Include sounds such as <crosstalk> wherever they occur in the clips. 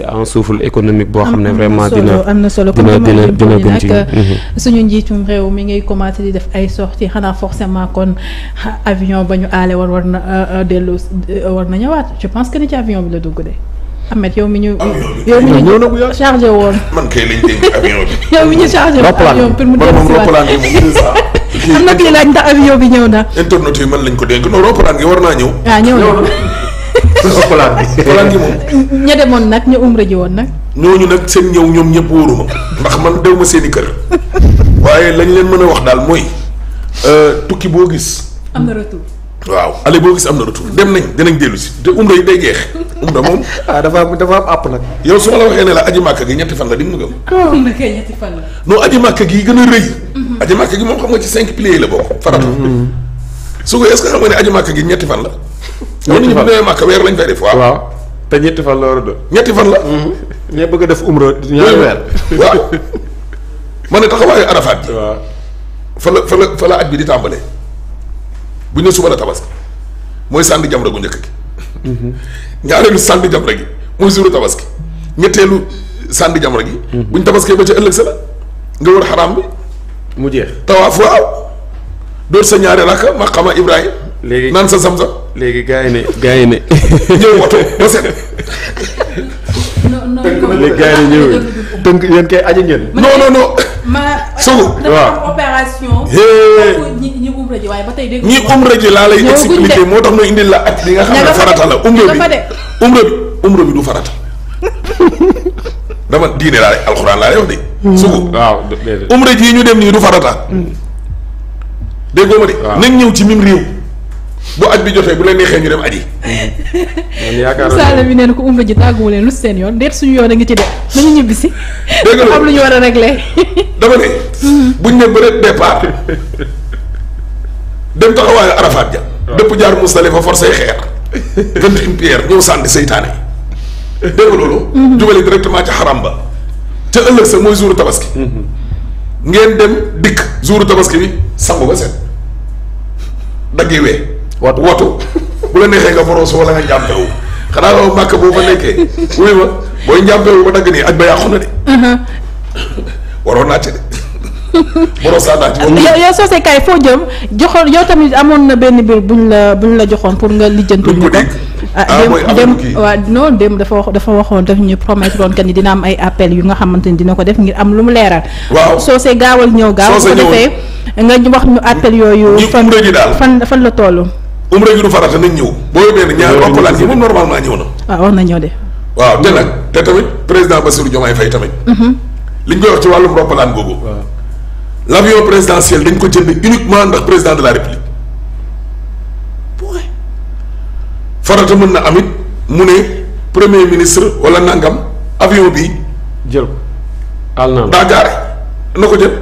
c'est un souffle économique boo xam ne vraiment dina solo dina dina gën ci mhm. suñu njiitum réew mi ngay commencé di def ay sorties xanaa forcément kon <laughs> avion ba ñu aale war war na euh, euh, dellu euh, war na ñëwaat je pense que ni ci avion bi la dugg de Ahmed yow mi ñu. yow mi ñu chargé woon. man kay lañ dégg avion bi. <laughs> yow mi ñu chargé woon avion pour mu dellu si waat am na kii laaj ndax avion bi ñëw na. internet man lañ ko dénk roppalaan gi war naa ñëw. waaw ah, ñëw xolaan bi xolaan gi moom. ña demoon nag ña umra ji woon nag. ñooñu nag seen ñëw ñoom ñëpp wóoruma ndax man dew ma seen i kër waaye lañ leen mën a wax daal mooy euh, tukki boo gis. am na retour. waaw ale boo gis am na retour dem nañ dinañ dellu si te umra yi day jeex moom. <laughs> ah dafa am dafa am àpp nag. yow su ma la waxee gi ñetti fan la di nga gëm. ah na gën a rëy. Mhm. aji màkk gi moom xam ci cinq piliers la bokk. farata mhm. su ko est-ce que xam nga ne aji gi ñetti fan la. ñetti fan bu ñu màkk weer lañ fay def waaw. waaw te ñetti fan la war a doon. ñetti fan la. ñee mhm. bëgg def umra ñaari weer. waaw ma ne taxawaayu arafaat ji. fa la fa la aj bi di tàmbalee bu ñu ne suba la tabaski mooy sànni jamra gu njëkk gi. Mhm. ñaareelu sànni jamra gi mooy suuru tabaski ñetteelu sànni jamra gi. Mhm. bu ñu tabaskee ba ci ëllëg sa la nga wër xaraam bi. mu jeex tawaaf waaw. door sa ñaari rakka maqama Ibrahim léegi naan sa samsam. léegi gars yi ne gars yi ne. ñëw oto ba set. non non léegi gars yi tënk yéen kay aji ngeen. non non non. ma waaw opération. ñi ñi umra ji moo tax na indil la ak li nga xam ne farata la umra bi umra bi umra bi du farata. dama diine laa lay alxuraan laa lay wax de. Hmm. sugu waaw umra ji ñu dem nii du farata. Hmm. déggoo ma de. nañ ñëw ci mim réew. bu aj bi jotee bu leen neexee ñu dem aji. man yaakaar naa mi neen ko umba ji tàgguwu leen lu seen yoon déet suñu yoon a ngi ci de nañu ñibbi si. dëgg am lu ñu war a réglé. dama ne. buñ ne bëreet départ dem taxawaayu Arafat ja. dëpp jaar Musdalifa forcé xeer. gënt une pierre ñëw sànni seytaane yi. dégg loolu. Mhm. jubali directement ci xaram ba. ca ëllëg sa mooy jouru tabaski. Mhm. ngeen dem dikk jouru tabaski bi sangu ba set daggee watu watu bu la neexee nga boros wala nga njàmpewu xanaa loolu màkk boo nekkee wuy ma booy njàmpewu ba uh-huh. tamit amoon na benn biir buñ la buñ la joxoon pour nga lijjantul ñu ko ah, ah dem dafa wax dafa waxoon daf ñu promettre woon que ni dina am ay appel yu nga xamante ni dina ko def ngir am lu mu leeral waaw Socé gaawal ñëw gaaw su defee nga wax ñu appel yooyu fan fan la toll umra gi du farata nañ ñëw boo yóbbee ne ñaar okkalaan gi moom normalement ñëw na. waaw ah, war na ñëw de. waaw te nag te tamit président Bassirou Diomaye Faye tamit. Mm-hmm. li ñu koy wax ci wàllum roppalaan boobu l' avion présidentiel dañ ko jënd uniquement ndax président de la république. farata mën na am mu ne premier ministre walla nangam avion bi jël ko àll na ko jël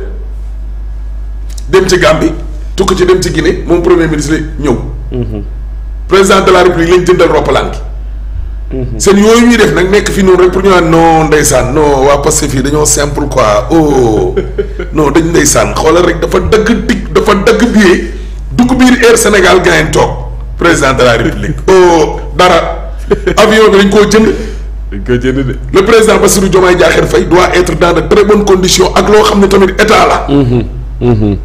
dem ci Gambie tukki ci dem ci Guinée moom premier ministre ñëw. Mm-hmm. président de la république lañ jëndal roppalaan gi. Mm-hmm. seen yooyu ñuy def nag nekk fii noonu rek pour ñu naan non ndeysaan non waa Pastef fii dañoo simple quoi oh <laughs> non dañ ndeysaan xoolal rek dafa dagg dig dafa dagg billet dugg biir Air Sénégal gayen toog président de la république <laughs> oh dara avion dañ koo jënd. dañ koy jënd de. le président Bassirou Diomaye Diakhar Faye doit être dans de très bonnes ak loo xam ne tamit état la. Mm-hmm.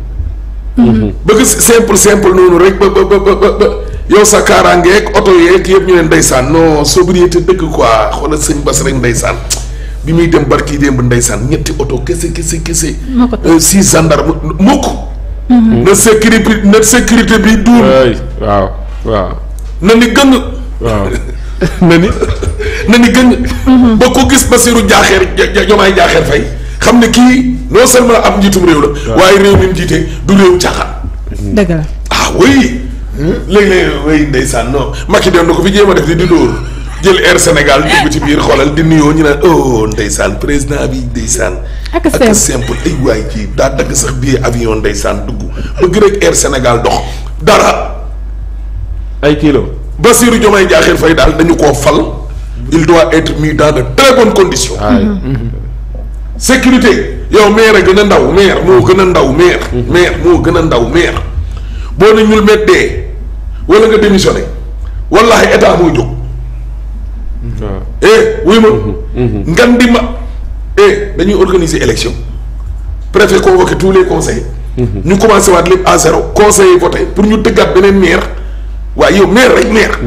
Mm-hmm. bëgg simple simple noonu rek ba ba ba ba yow sa kaaraangeeg oto yeeg yëpp ñu ne ndeysaan non sobriété dëgg quoi xoolal sëñ bas rek ndeysaan bi muy dem barki démb ndeysaan ñetti oto kese kese kese. Euh, si gendarme mukk mm-hmm. na sécurité na sécurité bi duun. waaw waaw. na ni gëng. waaw <laughs> na ni. na ni gëng. Mm-hmm. ba ko gis Basiru jaaxeer jomaay jaaxeer fay xam ne kii. non seulement ab njiitum réew la. waaye réew mi mu jiite du réew caaxaan. dëgg la ah oui. Hmm? léeg-léeg ndeysaan non Macky doon na ko fi jéem a def di di dóor jël Air Sénégal dugg ci biir xoolal di nuyoo ñu ne oh ndeysaan président bi ndeysaan. ak simple ak simple ay waay kii daa dagg sax bii avion ndeysaan dugg bëgg rek Air Sénégal dox dara. ay kilo Bassirou Diomaye Diakhar Faye daal dañu koo fal. il doit être mis dans de très sécurité. yow maire a gën a ndaw maire moo gën a ndaw maire mhm. maire moo gën a ndaw maire boo ne ñul met dee wala nga démissionné wallahi état mooy jóg eh, wuy ma mhm. Mhm. ngan di ma eh dañuy organiser élection préfet convoqué tous les conseils ñu commencé waat lépp à zéro conseil voté pour ñu dëggaat beneen maire waaye yow maire rek maire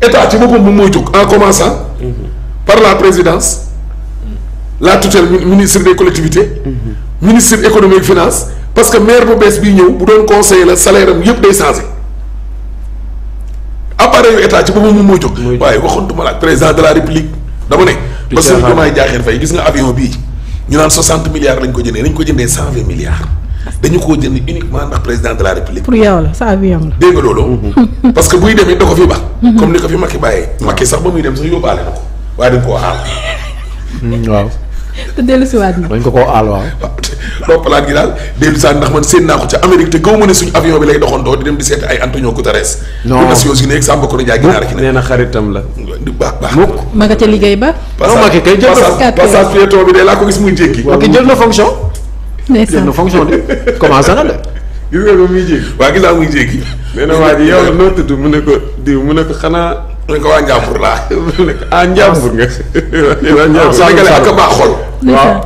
état ci boppam moom mooy jóg en commençant par la présidence la tutelle ministre des collectivités. ministre économie et finance parce que maire bu bees bi ñëw bu doon conseiller la salaire am yëpp day changé appareil yu état ci boobu moom moo jóg. waaye waxoon duma laaj président de la république dama ne. ba suuf damay jaaxeer fay gis nga avion bii ñu naan 60 milliards lañ ko jëndee nañ ko milliards. dañu koo jënd uniquement ndax président de la république. pour yow la sa avion la. dégg nga loolu. <laughs> parce que buy demee ko fi ba. Mhm. comme ni ko fi Macky bàyyee. Macky sax ba muy dem sax yóbbaale na ko waaye dañ te dellusiwaat na. dañ ko koo aal waaw. <laughs> gi daal dellu ndax man séen naa ko ca Amérique te gaw ma ne avion bi lay doxantoo di dem di seeti ay Antonio Guterres. non bu xaritam la. mukk. ma nga ca liggéey ba. non ma kay jël na passage passage piéton bi de laa ko gis muy jékki. waaw jël na fonction. ndeysaan jël na fonction de <laughs> commencé na de. gis nga ko muy jékki. waa gis naa muy jékki. nee na waa ji <laughs> yow noo tudd mu ñu ko waa Njàmbur laa. ah Njàmbur nga. waa Njàmbur ah, Sénégalais ak baax xol. waaw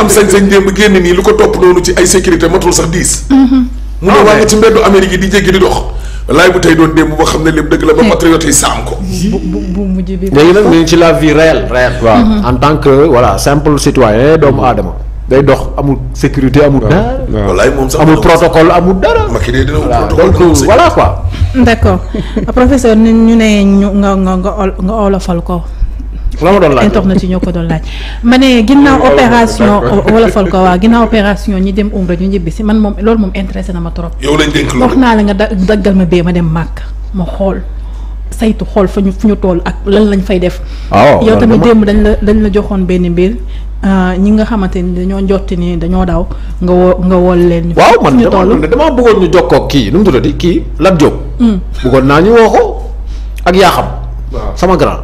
am sañ-sañ démb génn nii lu ko topp noonu ci ay sécurité matul sax diis. Mm-hmm. mu ne ah, waa ngi ci mbeddu Amérique di jéggi di dox. walaay bu tey doon démb boo xam ne lépp dëgg la ba patriote yi saam ko. bi. léegi nag mu ngi ci la vie réelle réelle. Mm-hmm. waaw en tant que voilà simple citoyen doomu aadama. day dox amul sécurité amul. dara walaay moom sax amul protocole amul dara. ma dina amul protocole voilà d'accord ah, professeur ni ñu ne ñu nga nga nga olofal ko. la ma doon laaj internet yi ñoo ko doon laaj. ma ne ginnaaw opération wolofal ko waa ginnaaw opération ñi dem umra ñu ñibbi si man moom loolu moom intéressé na ma trop. yow wax naa la nga daggal ma bee a dem màkk ma xool saytu xool fa ñu fu ñu toll ak lan lañ fay def. Ah, yow tamit démb dañ la dañ la joxoon benn mbir. Euh, ñi nga xamante ni dañoo njotti nii dañoo daw nga woo nga wol leen. waaw man de damaa bëggoon ñu jokkoo kii nu mu tuddati kii Lat Diop. Mm. bëggoon naa ñu woo ko ak yaa xam. sama grand.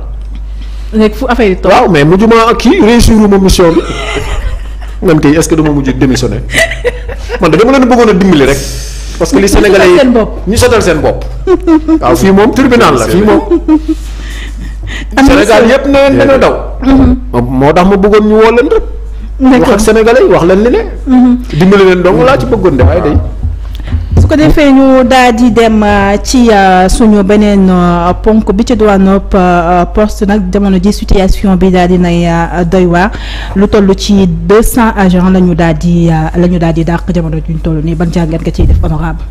léegi fu affaire yi waaw mais mujj maa kii réussir ma mission bi <laughs> man kay est-ce que dama mujj démissionné man de dama leen bëggoon a rek. parce que li sénégalais yi ñu seen bopp <laughs> waaw fii moom tribunal la fii moom. Sénégal yépp na leen dañoo daw. Mm-hmm. moo tax ma bëggoon ñu woo leen rek. wax ak sénégalais wax leen li ne. Mm-hmm. dimbali leen dong laa ci mm-hmm. bëggoon de su ko defee ñu daal di dem uh, ci uh, suñu beneen uh, ponk bi ci diwaanop poste nag jamono ji situation bi daal di nay doy waa lu tollu ci deux cent agents la ñu daal di la ñu daal di dàq jamono ji ñu toll nii ban jàngat nga ciy def honorable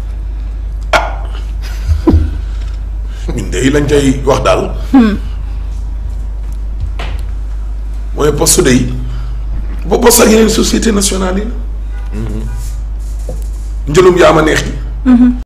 <laughs> ñun lañ cay wax daal. Hmm. mooy poste de yi ba poste ak yeneen société nationale yi la mm-hmm. njëlum yaa ma neex ji